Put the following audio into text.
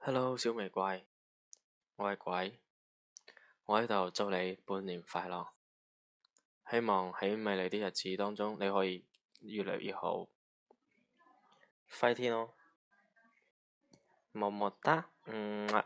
hello，小玫瑰，我係鬼，我喺度祝你半年快樂，希望喺未來的日子當中你可以越嚟越好，fighting 咯，麼麼噠，嗯。